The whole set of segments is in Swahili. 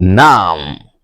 Naam,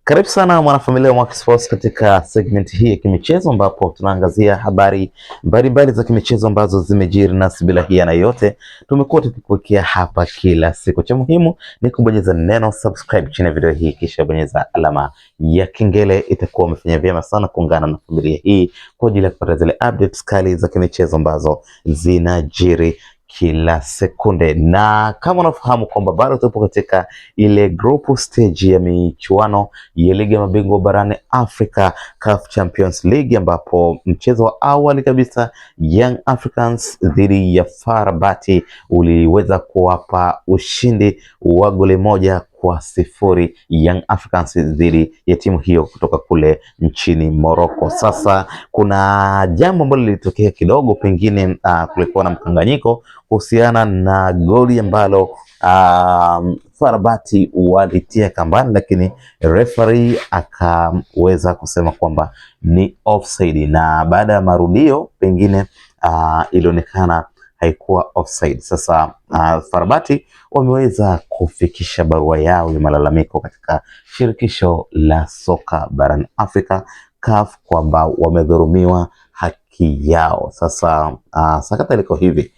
karibu sana mwanafamilia wa Mwaki Sports katika segment hii ya kimichezo ambapo tunaangazia habari mbalimbali za kimichezo ambazo zimejiri nasi bila hiya na yote tumekuwa tukikuwekea hapa kila siku. Cha muhimu ni kubonyeza neno subscribe chini ya video hii, kisha bonyeza alama ya kengele. Itakuwa umefanya vyema sana kuungana na familia hii kwa ajili ya kupata zile updates kali za kimichezo ambazo zinajiri kila sekunde, na kama unafahamu kwamba bado tupo katika ile group stage ya michuano ya ligi ya mabingwa barani Afrika, CAF Champions League, ambapo mchezo wa awali kabisa Young Africans dhidi ya FAR Rabat uliweza kuwapa ushindi wa goli moja kwa sifuri Young Africans dhidi ya timu hiyo kutoka kule nchini Morocco. Sasa kuna jambo ambalo lilitokea kidogo, pengine uh, kulikuwa na mkanganyiko kuhusiana na goli ambalo uh, farabati walitia kambani, lakini referee akaweza kusema kwamba ni offside, na baada ya marudio pengine uh, ilionekana haikuwa offside. Sasa uh, Farabati wameweza kufikisha barua yao ya malalamiko katika shirikisho la soka barani Afrika CAF kwamba wamedhulumiwa haki yao. Sasa uh, sakata liko hivi.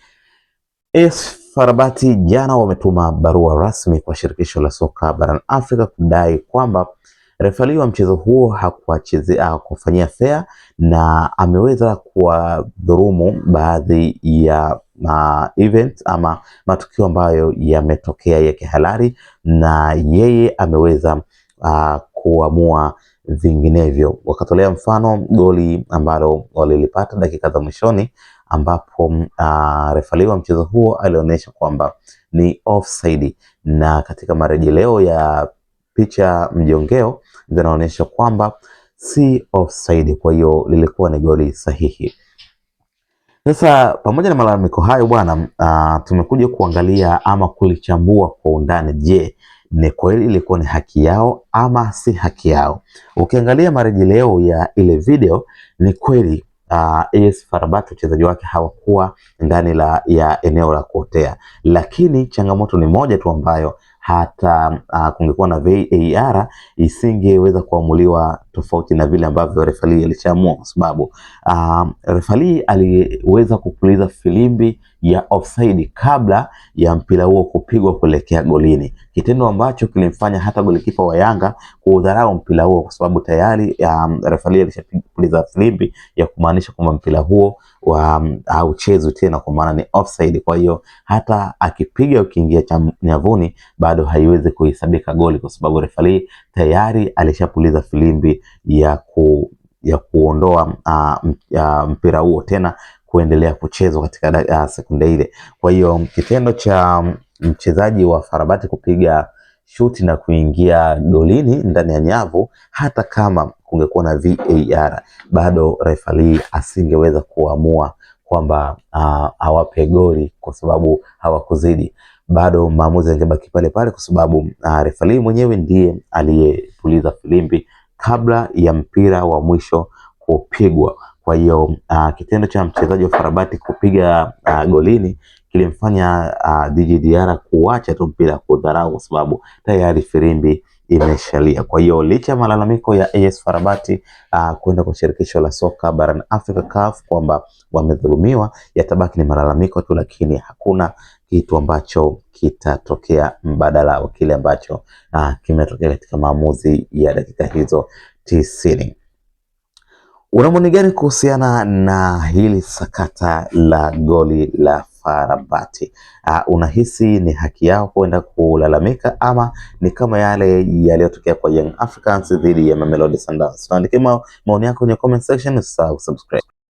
AS Farabati jana wametuma barua rasmi kwa shirikisho la soka barani Afrika kudai kwamba refali wa mchezo huo hakuwachezea kufanyia fair na ameweza kuwadhurumu baadhi ya ma event ama matukio ambayo yametokea ya kihalali na yeye ameweza uh, kuamua vinginevyo. Wakatolea mfano goli ambalo walilipata dakika za mwishoni ambapo uh, refali wa mchezo huo alionyesha kwamba ni offside, na katika marejeleo ya picha mjongeo zinaonyesha kwamba si offside, kwa hiyo lilikuwa ni goli sahihi. Sasa pamoja na malalamiko hayo bwana, uh, tumekuja kuangalia ama kulichambua kwa undani. Je, ni kweli ilikuwa ni haki yao ama si haki yao? Ukiangalia marejeleo ya ile video ni kweli uh, ah, AS FAR Rabat wachezaji wake hawakuwa ndani la, ya eneo la kuotea, lakini changamoto ni moja tu ambayo hata uh, kungekuwa na VAR isingeweza kuamuliwa tofauti na vile ambavyo refali alishaamua, kwa sababu uh, ah, refali aliweza kupuliza filimbi ya offside kabla ya mpira huo kupigwa kuelekea golini, kitendo ambacho kilimfanya hata golikipa wa Yanga kuudharau mpira huo, kwa sababu tayari um, refari alishapuliza filimbi ya kumaanisha kwamba mpira huo um, hauchezwi um, tena, kwa maana ni offside. Kwa hiyo hata akipiga ukiingia cha nyavuni bado haiwezi kuhesabika goli, kwa sababu refari tayari alishapuliza filimbi ya ku ya kuondoa uh, uh, mpira huo tena kuendelea kuchezwa katika uh, sekunde ile. Kwa hiyo kitendo cha mm, mchezaji wa Farabati kupiga shuti na kuingia golini ndani ya nyavu, hata kama kungekuwa na VAR bado refali asingeweza kuamua kwamba uh, awape goli kwa sababu hawakuzidi, bado maamuzi yangebaki pale pale, kwa sababu uh, ah, refali mwenyewe ndiye aliyepuliza filimbi kabla ya mpira wa mwisho kupigwa. Kwa hiyo uh, kitendo cha mchezaji wa Farabati kupiga uh, golini kilimfanya uh, ah, Djigui Diarra kuacha tu mpira kudharau, kwa sababu tayari firimbi imeshalia. Kwa hiyo licha ya malalamiko ya AS Farabati uh, kwenda kwa shirikisho la soka barani Afrika CAF kwamba wamedhulumiwa, yatabaki ni malalamiko tu, lakini hakuna kitu ambacho kitatokea mbadala wa kile ambacho uh, kimetokea katika maamuzi ya dakika hizo tisini. Una maoni gani kuhusiana na hili sakata la goli la farabati Uh, ah, unahisi ni haki yao kwenda kulalamika ama ni kama yale yaliyotokea kwa Young Africans dhidi ya Mamelodi Sundowns? Tuandikie maoni yako kwenye comment section, usisahau subscribe.